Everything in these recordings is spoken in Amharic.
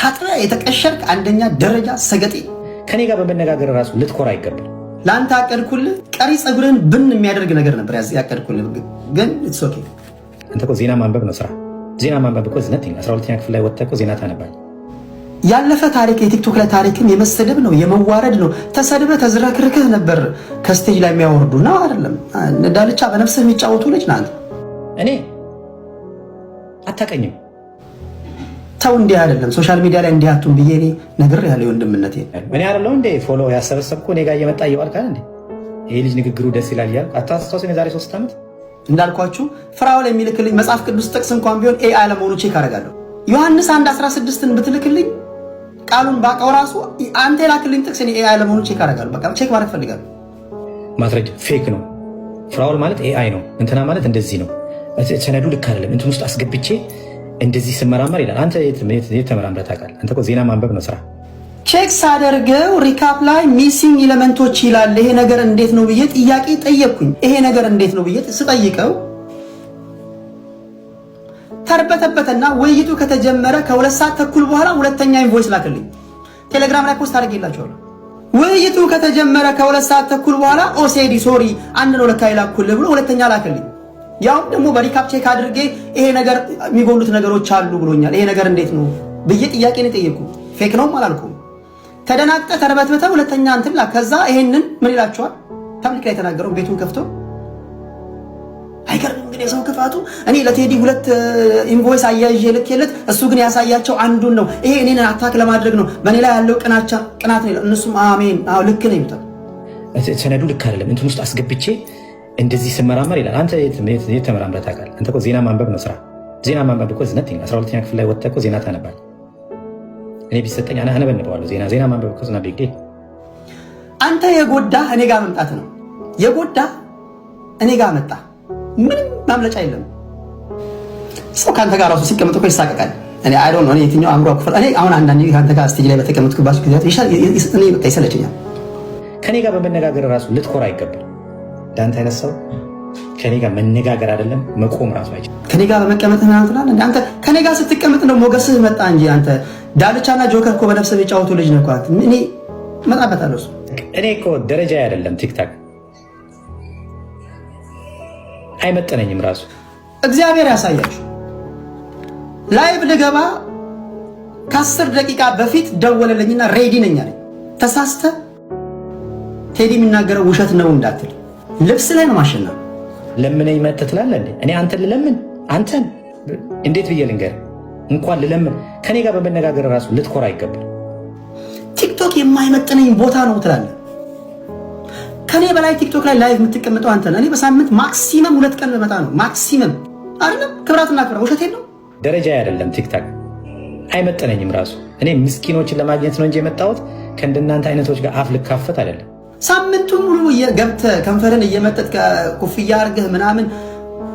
ታጥቢያ የተቀሸርክ አንደኛ ደረጃ ሰገጤ ከኔ ጋር በመነጋገር ራሱ ልትኮራ አይገባል። ለአንተ አቀድኩልህ ቀሪ ፀጉርህን ብን የሚያደርግ ነገር ነበር ያቀድኩልህ፣ ግን ኦኬ። አንተ እኮ ዜና ማንበብ ነው ስራ። ዜና ማንበብ እኮ ዝነት 12ኛ ክፍል ላይ ወጥተህ እኮ ዜና ታነባል። ያለፈ ታሪክ የቲክቶክ ላይ ታሪክን የመሰደብ ነው የመዋረድ ነው። ተሰድበ ተዝረክርክህ ነበር ከስቴጅ ላይ የሚያወርዱ ነው አይደለም። ዳልቻ በነፍስህ የሚጫወቱ ልጅ ናት። እኔ አታቀኝም ተው እንዲህ አይደለም፣ ሶሻል ሚዲያ ላይ እንዲህ አቱን ብዬ እኔ ነግር ያለ ወንድምነት ምን ያለው እንደ ፎሎ ያሰበሰብኩ እኔ ጋር እየመጣ እየዋልክ አይደል እንዴ? ይሄ ልጅ ንግግሩ ደስ ይላል እያልኩ አታስታውስም? የዛሬ ሶስት ዓመት እንዳልኳችሁ ፍራኦል የሚልክልኝ መጽሐፍ ቅዱስ ጥቅስ እንኳን ቢሆን ኤ አይ ለመሆኑ ቼክ አደርጋለሁ። ዮሐንስ አንድ አስራ ስድስትን ብትልክልኝ ቃሉን ባውቀው ራሱ አንተ የላክልኝ ጥቅስ ኤ አይ ለመሆኑ ቼክ አደርጋለሁ። በቃ ቼክ ማድረግ ፈልጋለሁ። ማስረጃ ፌክ ነው። ፍራውል ማለት ኤ አይ ነው፣ እንትና ማለት እንደዚህ ነው፣ ሰነዱ ልክ አይደለም፣ እንትን ውስጥ አስገብቼ እንደዚህ ስመራመር ይላል። አንተ የት ተመራምረህ ታውቃለህ? አንተ እኮ ዜና ማንበብ ነው ስራ። ቼክ ሳደርገው ሪካፕ ላይ ሚሲንግ ኢለመንቶች ይላል። ይሄ ነገር እንዴት ነው ብዬ ጥያቄ ጠየቅኩኝ። ይሄ ነገር እንዴት ነው ብዬ ስጠይቀው ተርበተበተና ውይይቱ ከተጀመረ ከሁለት ሰዓት ተኩል በኋላ ሁለተኛ ኢንቮይስ ላክልኝ። ቴሌግራም ላይ ፖስት አድርጌላቸዋለሁ። ውይይቱ ከተጀመረ ከሁለት ሰዓት ተኩል በኋላ ኦሴዲ ሶሪ አንድ ነው ለካ ብሎ ሁለተኛ ላክልኝ። ያውም ደግሞ በሪካፕ ቼክ አድርጌ ይሄ ነገር የሚጎሉት ነገሮች አሉ ብሎኛል። ይሄ ነገር እንዴት ነው ብዬ ጥያቄ ነው የጠየኩ። ፌክ ነውም አላልኩም። ተደናቅጠ ተረበትበተ ሁለተኛ እንትን ላ ከዛ ይሄንን ምን ይላቸዋል? ፐብሊክ ላይ የተናገረው ቤቱን ከፍቶ አይገርም እንግዲህ የሰው ክፋቱ። እኔ ለቴዲ ሁለት ኢንቮይስ አያይዤ ልኬለት እሱ ግን ያሳያቸው አንዱን ነው። ይሄ እኔን አታክ ለማድረግ ነው። በእኔ ላይ ያለው ቅናቻ ቅናት ነው። እነሱም አሜን፣ ልክ ነው ይሉታል። ሰነዱ ልክ አይደለም እንትን ውስጥ አስገብቼ እንደዚህ ስመራመር ይላል። አንተ የት ተመራምረህ ታውቃለህ? አንተ እኮ ዜና ማንበብ ነው ስራ። ዜና ማንበብ እኮ ዝነት አስራ ሁለተኛ ክፍል ላይ ወጥተህ እኮ ዜና ታነባለህ። እኔ ቢሰጠኝ አነበንበዋለሁ። ዜና ዜና ማንበብ እኮ ዝና ቤግዴ አንተ የጎዳ እኔ ጋር መምጣት ነው። የጎዳ እኔ ጋር መጣ። ምንም ማምለጫ የለም። ሰው ከአንተ ጋር ራሱ ሲቀመጥ እኮ ይሳቀቃል። እኔ አይ ዶንት ኖ የትኛው አእምሮ ክፍል እኔ አሁን አንዳንዴ ከአንተ ጋር ስቴጅ ላይ በተቀመጥኩባቸው ጊዜያት እኔ በቃ ይሰለችኛል። ከእኔ ጋር በመነጋገር ራሱ ልትኮራ አይገባል። እንዳንተ አይነት ሰው ከኔ ጋር መነጋገር አይደለም መቆም ራሱ አይችል። ከኔ ጋር በመቀመጥ ምናምን አንተ ከኔ ጋር ስትቀመጥ ነው ሞገስህ መጣ እንጂ አንተ ዳልቻና ጆከር እኮ በነፍሰብ የጫወቱ ልጅ ነው። እኔ እመጣበታለሁ። እኔ እኮ ደረጃ አይደለም ቲክታክ አይመጠነኝም ራሱ እግዚአብሔር ያሳያችሁ። ላይቭ ልገባ ከአስር ደቂቃ በፊት ደወለለኝና ሬዲ ነኝ አለኝ። ተሳስተ ቴዲ የሚናገረው ውሸት ነው እንዳትል ልብስ ላይ ነው ማሸና ለምን ይመት ትላለህ? እኔ አንተን ልለምን አንተን እንዴት ብዬ ልንገር? እንኳን ልለምን ከኔ ጋር በመነጋገር ራሱ ልትኮራ አይገባል። ቲክቶክ የማይመጥነኝ ቦታ ነው ትላለህ። ከኔ በላይ ቲክቶክ ላይ ላይቭ የምትቀምጠው አንተ እኔ በሳምንት ማክሲመም ሁለት ቀን በመጣ ነው ማክሲመም። አይደለም ክብራትና ክብራ ውሸት ነው ደረጃ አይደለም ቲክታክ አይመጠነኝም ራሱ። እኔ ምስኪኖችን ለማግኘት ነው እንጂ የመጣሁት ከእንደናንተ አይነቶች ጋር አፍ ልካፈት አይደለም። ሳምንቱን ሙሉ ገብተ ከንፈርን እየመጠጥ ኮፍያ አርገህ ምናምን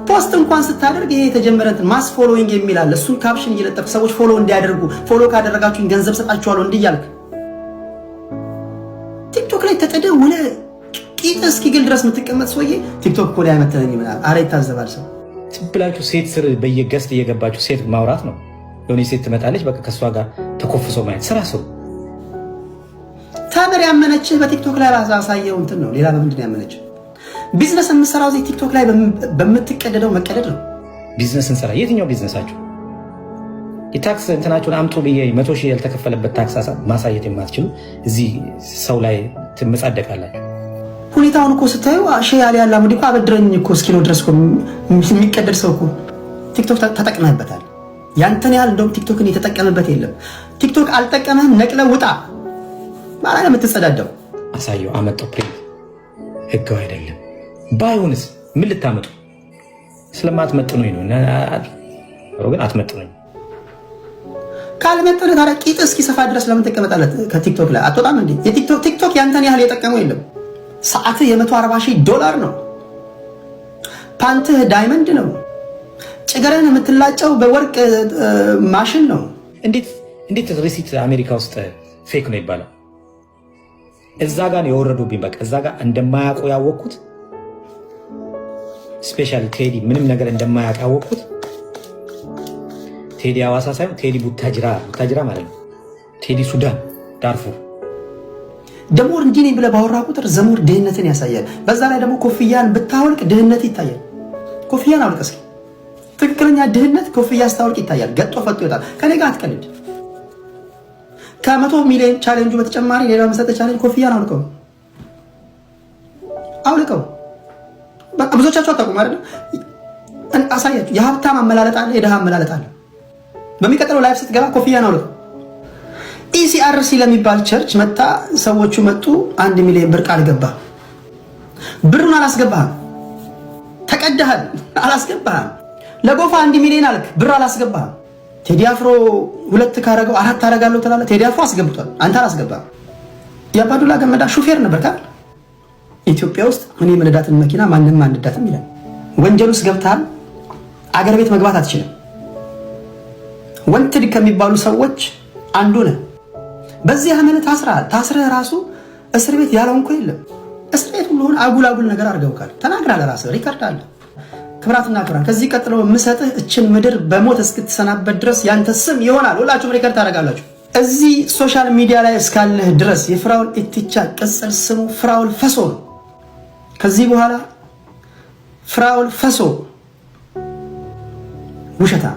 ፖስት እንኳን ስታደርግ ይሄ የተጀመረ እንትን ማስ ፎሎዊንግ የሚል አለ። እሱን ካፕሽን እየለጠፍ ሰዎች ፎሎ እንዲያደርጉ ፎሎ ካደረጋችሁኝ ገንዘብ ሰጣችኋለሁ እንዲያልክ ቲክቶክ ላይ ተጠደ ተጠደውለ ቂጥ እስኪግል ድረስ የምትቀመጥ ሰውዬ ቲክቶክ እኮ ላይ ያመተለኝ ይመጣል። አረ ይታዘባል ሰው ትብላችሁ ሴት ስር በየገስት እየገባችሁ ሴት ማውራት ነው። የሆነ ሴት ትመጣለች፣ በቃ ከእሷ ጋር ተኮፍሶ ማየት ስራ ሰው እግዚአብሔር ያመነችህ በቲክቶክ ላይ ባሳየው እንትን ነው። ሌላ በምንድን ነው ያመነችህ? ቢዝነስ የምሰራው እዚህ ቲክቶክ ላይ በምትቀደደው መቀደድ ነው። ቢዝነስ እንሰራ። የትኛው ቢዝነሳችሁ? የታክስ እንትናችሁን አምጡ ብዬ መቶ ሺህ ያልተከፈለበት ታክስ ማሳየት የማትችሉ እዚህ ሰው ላይ ትመጻደቃላችሁ። ሁኔታውን እኮ ስታዩ ሼ ያለ ያለ ሙዲ እኮ አበድረኝ እኮ እስኪለው ድረስ የሚቀደድ ሰው እኮ ቲክቶክ ተጠቅመህበታል። ያንተን ያህል እንደውም ቲክቶክን የተጠቀመበት የለም። ቲክቶክ አልጠቀመህም፣ ነቅለ ውጣ ማለት የምትጸዳዳው? አሳየው። አመጣው ፕሪንት ህጋዊ አይደለም። ባይሆንስ ምን ልታመጡ? ስለማትመጥኑኝ ነው። ግን አትመጥኑኝ። ካልመጠነ ታዲያ ቂጥ እስኪሰፋ ድረስ ለምን ትቀመጣለህ? ከቲክቶክ ላይ አትወጣም እንዴ? ቲክቶክ ያንተን ያህል የጠቀመው የለም። ሰዓትህ የ140 ሺህ ዶላር ነው። ፓንትህ ዳይመንድ ነው። ጭገረን የምትላጨው በወርቅ ማሽን ነው። እንዴት ሪሲት አሜሪካ ውስጥ ፌክ ነው ይባላል? እዛ ጋ የወረዱብኝ። በቃ እዛ ጋ እንደማያውቁ ያወቅኩት ስፔሻል ቴዲ ምንም ነገር እንደማያውቅ ያወቅኩት ቴዲ አዋሳ ሳይሆን ቴዲ ቡታጅራ፣ ቡታጅራ ማለት ነው። ቴዲ ሱዳን ዳርፉር ደሞር እንዲህ ነኝ ብለህ ባወራ ቁጥር ዘሞር ድህነትን ያሳያል። በዛ ላይ ደግሞ ኮፍያን ብታወልቅ ድህነት ይታያል። ኮፍያን አውልቅ እስኪ። ትክክለኛ ድህነት ኮፍያ ስታወልቅ ይታያል። ገጦ ፈጦ ይወጣል። ከኔ ጋር አትቀልድ። ከመቶ ሚሊዮን ቻሌንጁ በተጨማሪ ሌላ መሰጠ ቻሌንጅ ኮፍያን አውልቀው አውልቀው በቃ ብዙዎቻቸው አታውቁም አይደል? አሳያችሁ። የሀብታም አመላለጥ አለ፣ የድሃ አመላለጥ አለ። በሚቀጥለው ላይፍ ስትገባ ኮፍያን አውልቀው። ኢሲአርሲ ለሚባል ቸርች መታ ሰዎቹ መጡ። አንድ ሚሊዮን ብር ቃል ገባ። ብሩን አላስገባህም፣ ተቀዳህል። አላስገባህም። ለጎፋ አንድ ሚሊዮን አልክ፣ ብር አላስገባህም። ቴዲ አፍሮ ሁለት ካረገው አራት አረጋለሁ ትላለህ። ቴዲ አፍሮ አስገብቷል፣ አንተ አላስገባም። የአባዱላ ገመዳ ሹፌር ነበር ካል ኢትዮጵያ ውስጥ እኔ የምነዳትን መኪና ማንም አንዳትም ይላል። ወንጀል ውስጥ ገብተሃል፣ አገር ቤት መግባት አትችልም። ወንትድ ከሚባሉ ሰዎች አንዱ ነህ። በዚህ አመት ታስረሃል። ታስረህ ራሱ እስር ቤት ያለው እንኳ የለም። እስር ቤት ሁሉ አጉል አጉል ነገር አድርገውካል። ተናግራለህ፣ ራስህ ሪከርድ አለ። ክብራትና ክብራት ከዚህ ቀጥሎ የምሰጥህ እችን ምድር በሞት እስክትሰናበት ድረስ ያንተ ስም ይሆናል። ሁላችሁም ሪከርድ ታደርጋላችሁ። እዚህ ሶሻል ሚዲያ ላይ እስካለህ ድረስ የፍራውል ኢትቻ ቅጽል ስሙ ፍራውል ፈሶ ነው። ከዚህ በኋላ ፍራውል ፈሶ ውሸታ